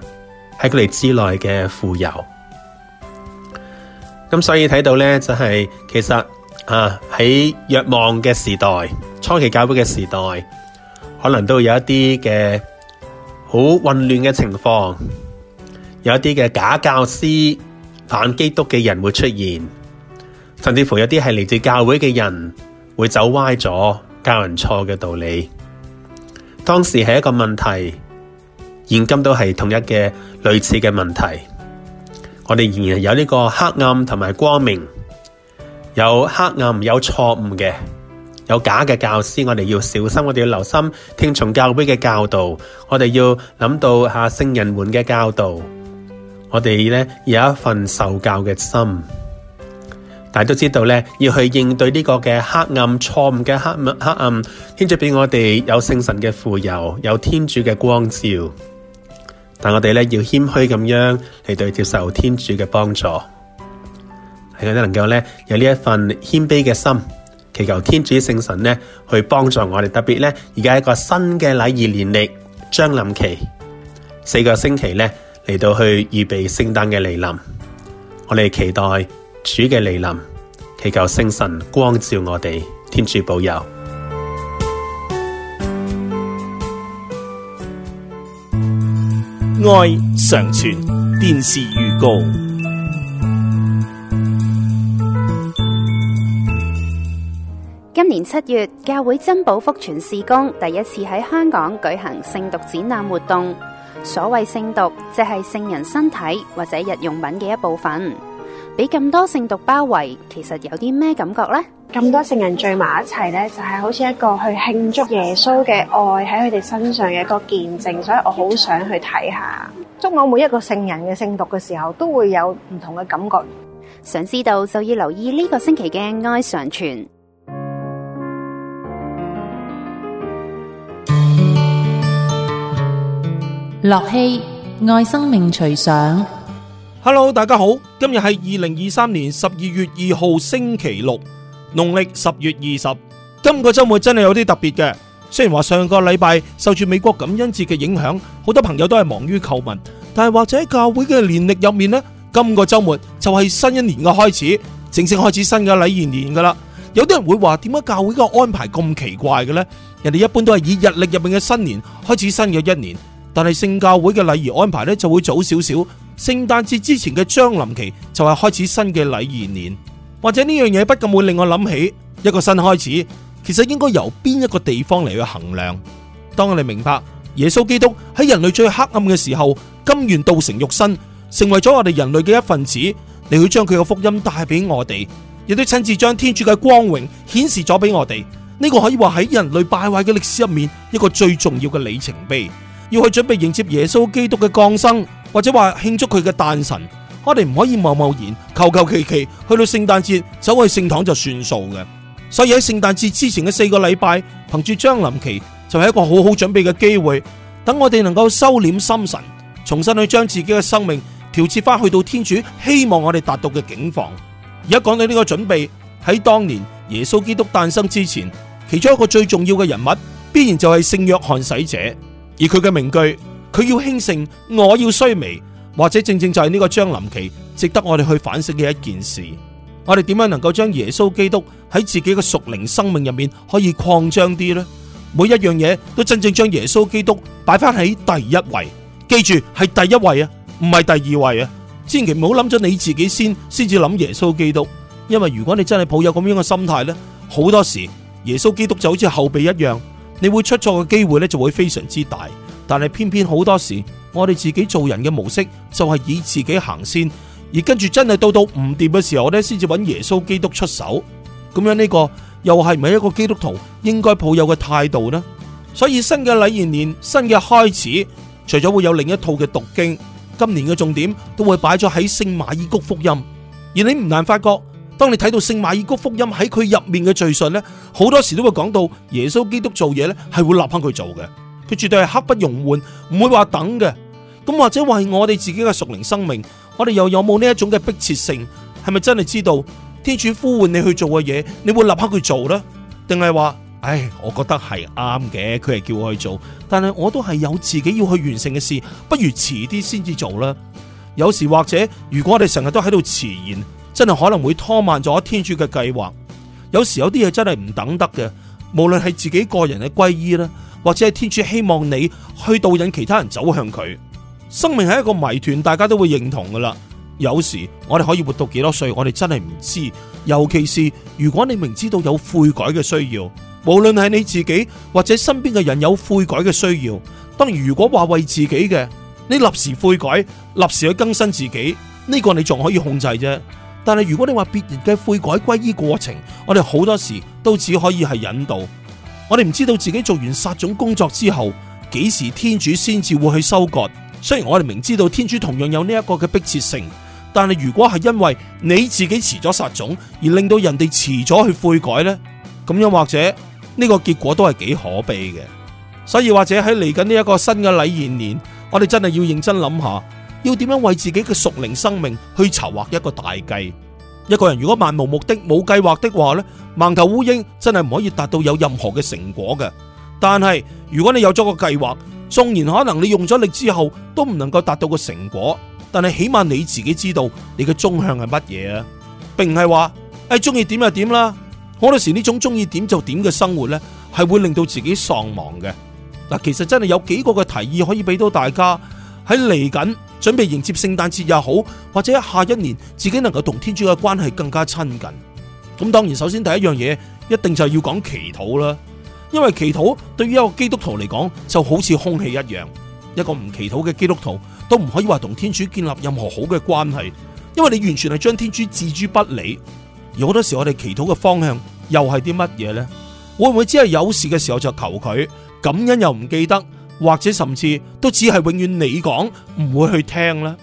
喺佢哋之內嘅富有，咁所以睇到呢，就係、是、其實啊喺若望嘅時代，初期教會嘅時代，可能都有一啲嘅好混亂嘅情況，有一啲嘅假教師、反基督嘅人會出現，甚至乎有啲係嚟自教會嘅人會走歪咗、教人錯嘅道理，當時係一個問題。現今都係同一嘅類似嘅問題，我哋仍然有呢個黑暗同埋光明，有黑暗有錯誤嘅，有假嘅教師，我哋要小心，我哋要留心聽從教會嘅教導，我哋要諗到下、啊、聖人們嘅教導，我哋有一份受教嘅心，大家都知道呢要去應對呢個嘅黑暗、錯誤嘅黑暗、黑暗，天主俾我哋有聖神嘅扶佑，有天主嘅光照。但我哋呢要謙虛咁樣嚟，對接受天主嘅幫助，係我哋能夠呢，有呢一份謙卑嘅心，祈求天主聖神呢去幫助我哋。特別呢，而家一個新嘅禮儀年曆將臨期四個星期呢嚟，到去預備聖誕嘅來臨，我哋期待主嘅來臨，祈求聖神光照我哋，天主保佑。愛常傳電視預告。今年七月，教會珍寶福傳事工第一次喺香港舉行聖毒展覽活動。所謂聖毒，即係聖人身體或者日用品嘅一部分。俾咁多聖毒包圍，其實有啲咩感覺呢？咁多聖人聚埋一齊呢，就係好似一個去慶祝耶穌嘅愛喺佢哋身上嘅一個見證。所以我好想去睇下。祝我每一個聖人嘅聖讀嘅時候都會有唔同嘅感覺。想知道就要留意呢個星期嘅愛常傳。駱曦愛生命隨想。Hello，大家好，今日係二零二三年十二月二號，星期六。農曆十月二十，今個周末真係有啲特別嘅。雖然話上個禮拜受住美國感恩節嘅影響，好多朋友都係忙於購物，但係或者喺教會嘅年曆入面呢，今個周末就係新一年嘅開始，正式開始新嘅禮儀年㗎喇。有啲人會話，點解教會嘅安排咁奇怪嘅呢？人哋一般都係以日曆入面嘅新年開始新嘅一年，但係聖教會嘅禮儀安排呢，就會早少少。聖誕節之前嘅將臨期就係開始新嘅禮儀年。或者呢樣嘢不禁會令我諗起一個新開始，其實應該由邊一個地方嚟去衡量？當我哋明白耶穌基督喺人類最黑暗嘅時候，甘願道成肉身，成為咗我哋人類嘅一份子，嚟去將佢嘅福音帶俾我哋，亦都親自將天主嘅光榮顯示咗俾我哋。呢、這個可以話喺人類敗壞嘅歷史入面一個最重要嘅里程碑，要去準備迎接耶穌基督嘅降生，或者話慶祝佢嘅誕辰。我哋唔可以貿貿然，求求其其去到聖誕節走去聖堂就算數嘅，所以喺聖誕節之前嘅四個禮拜，憑住將臨期就係、是、一個好好準備嘅機會，等我哋能夠收斂心神，重新去將自己嘅生命調節翻去到天主希望我哋達到嘅境況。而家講到呢個準備，喺當年耶穌基督誕生之前，其中一個最重要嘅人物，必然就係聖約翰使者，而佢嘅名句，佢要興盛，我要衰微。或者正正就係呢個將臨期值得我哋去反省嘅一件事，我哋點樣能夠將耶穌基督喺自己嘅屬靈生命入面可以擴張啲呢？每一樣嘢都真正將耶穌基督擺翻喺第一位，記住係第一位啊，唔係第二位啊，千祈唔好諗咗你自己先，先至諗耶穌基督。因為如果你真係抱有咁樣嘅心態呢，好多時耶穌基督就好似後備一樣，你會出錯嘅機會呢就會非常之大。但係偏偏好多時。我哋自己做人嘅模式就係以自己行先，而跟住真係到到唔掂嘅時候咧，先至揾耶穌基督出手。咁樣呢個又係唔係一個基督徒應該抱有嘅態度呢？所以新嘅禮儀年新嘅開始，除咗會有另一套嘅讀經，今年嘅重點都會擺咗喺聖馬爾谷福音。而你唔難發覺，當你睇到聖馬爾谷福音喺佢入面嘅敘述呢，好多時都會講到耶穌基督做嘢呢，係會立刻去做嘅。佢絕對係刻不容緩，唔會話等嘅。咁或者話係我哋自己嘅屬靈生命，我哋又有冇呢一種嘅迫切性？係咪真係知道天主呼喚你去做嘅嘢，你會立刻去做呢？定係話，唉，我覺得係啱嘅，佢係叫我去做，但係我都係有自己要去完成嘅事，不如遲啲先至做啦。有時或者，如果我哋成日都喺度遲延，真係可能會拖慢咗天主嘅計劃。有時有啲嘢真係唔等得嘅，無論係自己個人嘅歸依啦。或者係天主希望你去導引其他人走向佢。生命係一個謎團，大家都會認同噶啦。有時我哋可以活到幾多歲，我哋真係唔知。尤其是如果你明知道有悔改嘅需要，無論係你自己或者身邊嘅人有悔改嘅需要，當然如果話為自己嘅，你立時悔改，立時去更新自己，呢個你仲可以控制啫。但係如果你話別人嘅悔改歸依過程，我哋好多時都只可以係引導。我哋唔知道自己做完撒種工作之後，幾時天主先至會去收割？雖然我哋明知道天主同樣有呢一個嘅迫切性，但係如果係因為你自己遲咗撒種，而令到人哋遲咗去悔改呢，咁樣或者呢、呢個結果都係幾可悲嘅。所以或者喺嚟緊呢一個新嘅禮儀年，我哋真係要認真諗下，要點樣為自己嘅屬靈生命去籌劃一個大計。一個人如果漫無目的、冇計劃的話咧，盲頭烏蠅真係唔可以達到有任何嘅成果嘅。但係如果你有咗個計劃，縱然可能你用咗力之後都唔能夠達到個成果，但係起碼你自己知道你嘅中向係乜嘢啊，並唔係話誒中意點就點啦。好多時呢種中意點就點嘅生活咧，係會令到自己喪亡嘅。嗱，其實真係有幾個嘅提議可以俾到大家喺嚟緊。在準備迎接聖誕節也好，或者下一年自己能夠同天主嘅關係更加親近。咁當然，首先第一樣嘢一定就係要講祈禱啦。因為祈禱對於一個基督徒嚟講就好似空氣一樣。一個唔祈禱嘅基督徒都唔可以話同天主建立任何好嘅關係，因為你完全係將天主置諸不理。而好多時候我哋祈禱嘅方向又係啲乜嘢呢？會唔會只係有事嘅時候就求佢？感恩又唔記得？或者甚至都只係永遠你講，唔會去聽啦。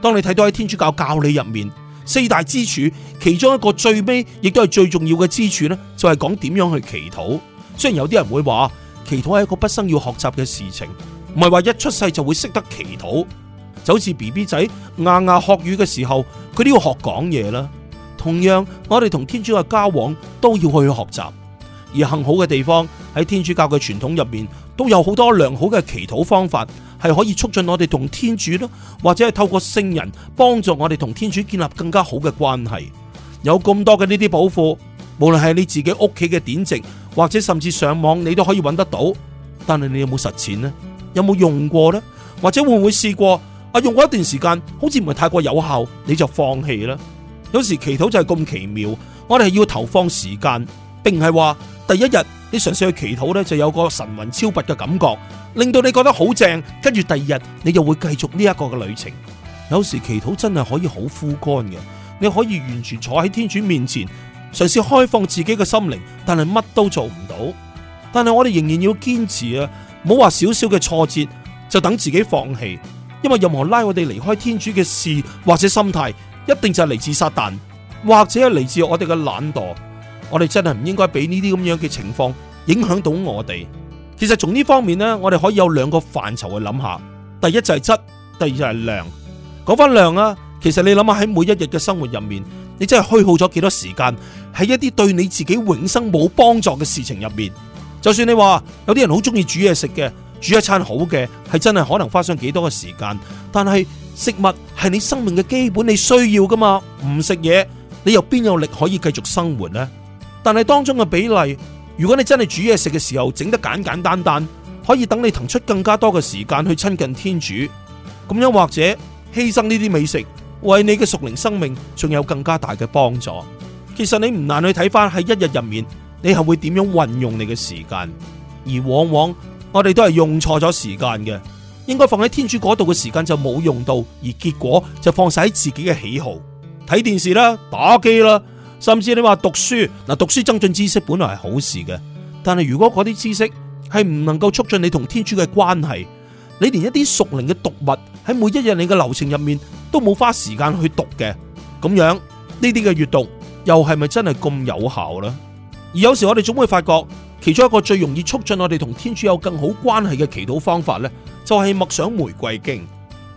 當你睇到喺天主教教理入面四大支柱，其中一個最尾亦都係最重要嘅支柱呢，就係講點樣去祈禱。雖然有啲人會話祈禱係一個畢生要學習嘅事情，唔係話一出世就會識得祈禱，就好似 B B 仔牙牙、啊啊、學語嘅時候，佢都要學講嘢啦。同樣，我哋同天主教交往都要去學習。而幸好嘅地方，喺天主教嘅傳統入面，都有好多良好嘅祈禱方法，係可以促進我哋同天主咯，或者係透過聖人幫助我哋同天主建立更加好嘅關係。有咁多嘅呢啲寶庫，無論係你自己屋企嘅典籍，或者甚至上網，你都可以揾得到。但係你有冇實踐呢？有冇用過呢？或者會唔會試過？啊，用過一段時間，好似唔係太過有效，你就放棄啦。有時祈禱就係咁奇妙，我哋係要投放時間。並係話第一日你嘗試去祈禱咧，就有個神魂超拔嘅感覺，令到你覺得好正。跟住第二日你又會繼續呢一個嘅旅程。有時祈禱真係可以好枯乾嘅，你可以完全坐喺天主面前嘗試開放自己嘅心靈，但係乜都做唔到。但係我哋仍然要堅持啊，唔好話少少嘅挫折就等自己放棄，因為任何拉我哋離開天主嘅事或者心態，一定就係嚟自撒旦，或者係嚟自我哋嘅懶惰。我哋真係唔應該俾呢啲咁樣嘅情況影響到我哋。其實從呢方面呢，我哋可以有兩個範疇去諗下。第一就係質，第二就係量。講翻量啊，其實你諗下喺每一日嘅生活入面，你真係虛耗咗幾多時間喺一啲對你自己永生冇幫助嘅事情入面。就算你話有啲人好中意煮嘢食嘅，煮一餐好嘅係真係可能花上幾多嘅時間。但係食物係你生命嘅基本，你需要噶嘛？唔食嘢，你又邊有力可以繼續生活呢？但係當中嘅比例，如果你真係煮嘢食嘅時候整得簡簡單單，可以等你騰出更加多嘅時間去親近天主，咁樣或者犧牲呢啲美食，為你嘅屬靈生命仲有更加大嘅幫助。其實你唔難去睇翻喺一日入面，你係會點樣運用你嘅時間？而往往我哋都係用錯咗時間嘅，應該放喺天主嗰度嘅時間就冇用到，而結果就放晒喺自己嘅喜好，睇電視啦，打機啦。甚至你話讀書嗱，讀書增進知識本來係好事嘅，但係如果嗰啲知識係唔能夠促進你同天主嘅關係，你連一啲屬靈嘅讀物喺每一日你嘅流程入面都冇花時間去讀嘅，咁樣呢啲嘅閱讀又係咪真係咁有效呢？而有時我哋總會發覺其中一個最容易促進我哋同天主有更好關係嘅祈禱方法呢，就係默想玫瑰經。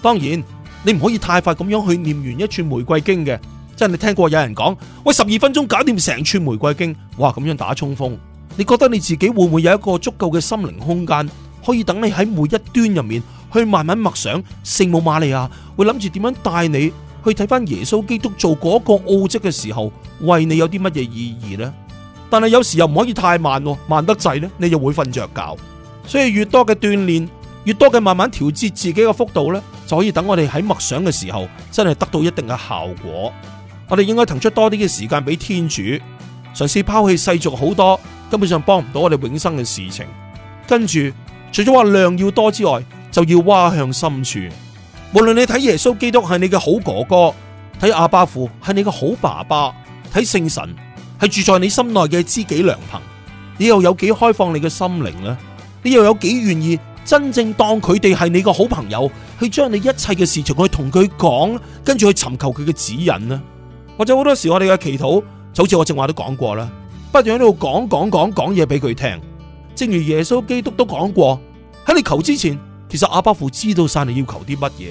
當然，你唔可以太快咁樣去念完一串玫瑰經嘅。真係聽過有人講，喂，十二分鐘搞掂成串玫瑰經，哇，咁樣打衝鋒，你覺得你自己會唔會有一個足夠嘅心靈空間，可以等你喺每一端入面去慢慢默想聖母瑪利亞會諗住點樣帶你去睇翻耶穌基督做嗰個奧跡嘅時候，為你有啲乜嘢意義呢？但係有時又唔可以太慢，慢得滯呢，你就會瞓着覺。所以越多嘅鍛煉，越多嘅慢慢調節自己嘅幅度呢，就可以等我哋喺默想嘅時候，真係得到一定嘅效果。我哋應該騰出多啲嘅時間俾天主，嘗試拋棄世俗好多根本上幫唔到我哋永生嘅事情。跟住除咗話量要多之外，就要挖向深處。無論你睇耶穌基督係你嘅好哥哥，睇阿爸父係你嘅好爸爸，睇聖神係住在你心內嘅知己良朋，你又有幾開放你嘅心靈呢？你又有幾願意真正當佢哋係你嘅好朋友，去將你一切嘅事情去同佢講，跟住去尋求佢嘅指引呢？或者好多時我哋嘅祈禱就好似我正話都講過啦，不斷喺度講講講講嘢俾佢聽。正如耶穌基督都講過，喺你求之前，其實阿爸父知道晒你要求啲乜嘢。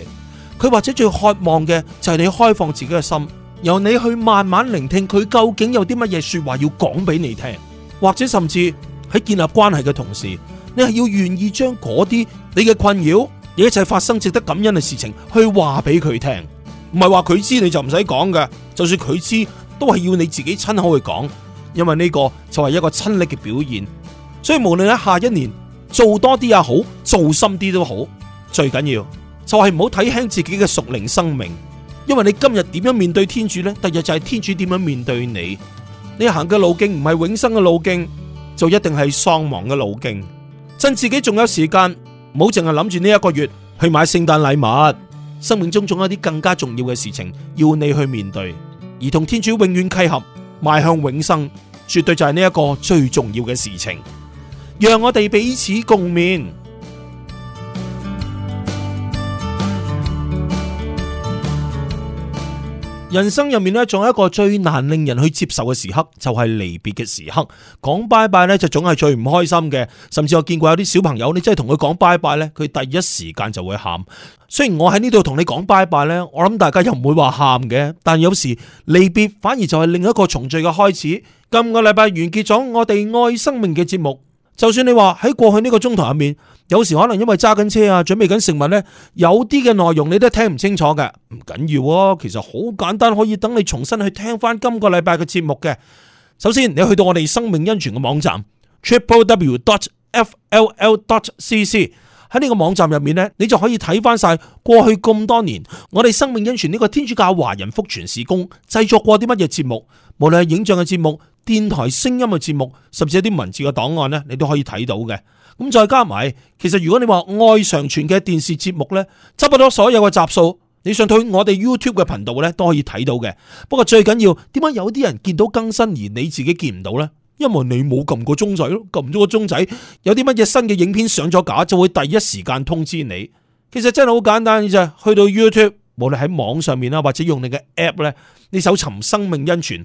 佢或者最渴望嘅就係你開放自己嘅心，由你去慢慢聆聽佢究竟有啲乜嘢說話要講俾你聽。或者甚至喺建立關係嘅同時，你係要願意將嗰啲你嘅困擾，而一切發生值得感恩嘅事情，去話俾佢聽。唔係話佢知你就唔使講嘅，就算佢知都係要你自己親口去講，因為呢個就係一個親歷嘅表現。所以無論喺下一年做多啲也好，做深啲都好，最緊要就係唔好睇輕自己嘅屬靈生命，因為你今日點樣面對天主呢？第日就係天主點樣面對你。你行嘅路徑唔係永生嘅路徑，就一定係喪亡嘅路徑。趁自己仲有時間，唔好淨係諗住呢一個月去買聖誕禮物。生命中仲有啲更加重要嘅事情要你去面對，而同天主永遠契合，邁向永生，絕對就係呢一個最重要嘅事情。讓我哋彼此共勉。人生入面咧，仲有一個最難令人去接受嘅時刻，就係離別嘅時刻。講拜拜咧，就總係最唔開心嘅。甚至我見過有啲小朋友，你真係同佢講拜拜咧，佢第一時間就會喊。雖然我喺呢度同你講拜拜咧，我諗大家又唔會話喊嘅。但有時離別反而就係另一個重聚嘅開始。今個禮拜完結咗我哋愛生命嘅節目。就算你話喺過去呢個鐘頭入面，有時可能因為揸緊車啊，準備緊食物呢，有啲嘅內容你都聽唔清楚嘅。唔緊要，其實好簡單，可以等你重新去聽翻今個禮拜嘅節目嘅。首先，你去到我哋生命恩泉嘅網站，Triple W dot F L L dot C C。喺呢個網站入面呢，你就可以睇翻晒過去咁多年我哋生命恩泉呢個天主教華人福傳事工製作過啲乜嘢節目，無論係影像嘅節目。電臺聲音嘅節目，甚至一啲文字嘅檔案呢，你都可以睇到嘅。咁再加埋，其實如果你話愛上傳嘅電視節目呢，差不多所有嘅集數，你想睇我哋 YouTube 嘅頻道呢，都可以睇到嘅。不過最緊要，點解有啲人見到更新而你自己見唔到呢？因為你冇撳個鐘仔咯，撳咗個鐘仔，有啲乜嘢新嘅影片上咗架，就會第一時間通知你。其實真係好簡單嘅咋，去到 YouTube，無論喺網上面啦，或者用你嘅 App 呢，你搜尋生命恩泉。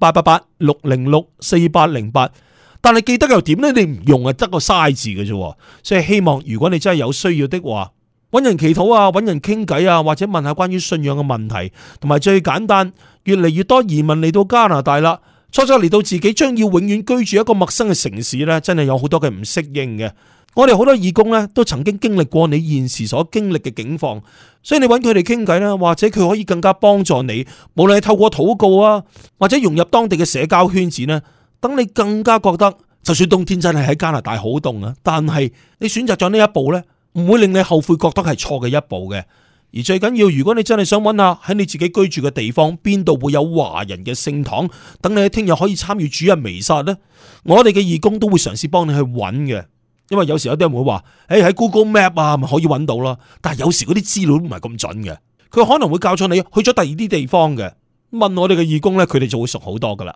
八八八六零六四八零八，8，但係記得又點呢？你唔用啊，得個嘥字嘅啫。所以希望如果你真係有需要的話，搵人祈禱啊，搵人傾偈啊，或者問下關於信仰嘅問題，同埋最簡單，越嚟越多移民嚟到加拿大啦，初初嚟到自己將要永遠居住一個陌生嘅城市呢，真係有好多嘅唔適應嘅。我哋好多義工咧，都曾經經歷過你現時所經歷嘅境況，所以你揾佢哋傾偈啦，或者佢可以更加幫助你。無論係透過禱告啊，或者融入當地嘅社交圈子呢。等你更加覺得，就算冬天真係喺加拿大好凍啊，但係你選擇咗呢一步呢，唔會令你後悔，覺得係錯嘅一步嘅。而最緊要，如果你真係想揾下喺你自己居住嘅地方邊度會有華人嘅聖堂，等你喺聽日可以參與主日彌撒呢，我哋嘅義工都會嘗試幫你去揾嘅。因為有時有啲人會話，誒、欸、喺 Google Map 啊，咪可以揾到咯。但係有時嗰啲資料唔係咁準嘅，佢可能會教錯你去咗第二啲地方嘅。問我哋嘅義工呢，佢哋就會熟好多噶啦。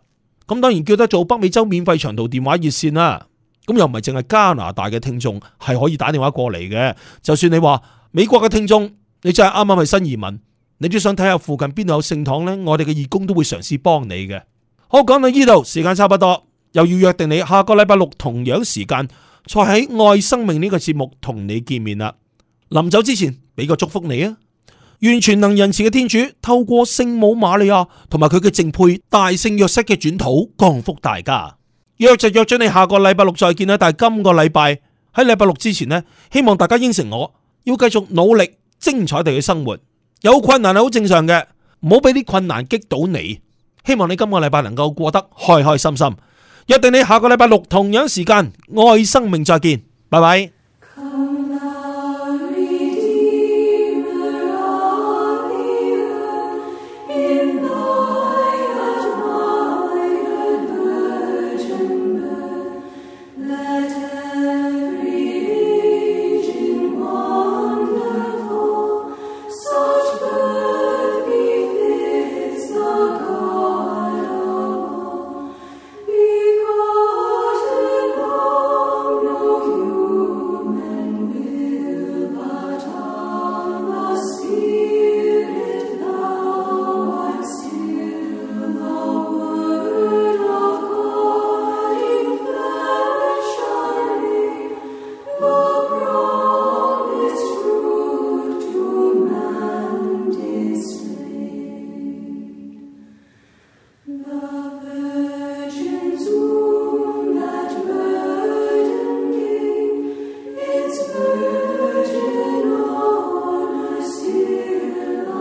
咁當然叫得做北美洲免費長途電話熱線啦、啊。咁又唔係淨係加拿大嘅聽眾係可以打電話過嚟嘅。就算你話美國嘅聽眾，你真係啱啱係新移民，你都想睇下附近邊度有聖堂呢，我哋嘅義工都會嘗試幫你嘅。好，講到呢度時間差不多，又要約定你下個禮拜六同樣時間。才喺愛生命呢個節目同你見面啦，臨走之前俾個祝福你啊！願全能仁慈嘅天主透過聖母瑪利亞同埋佢嘅淨配大聖若瑟嘅轉禱降福大家，約就約咗你下個禮拜六再見啦！但係今個禮拜喺禮拜六之前呢，希望大家應承我要繼續努力精彩地去生活，有困難係好正常嘅，唔好俾啲困難激到你。希望你今個禮拜能夠過得開開心心。約定你下個禮拜六同樣時間愛生命再見，拜拜。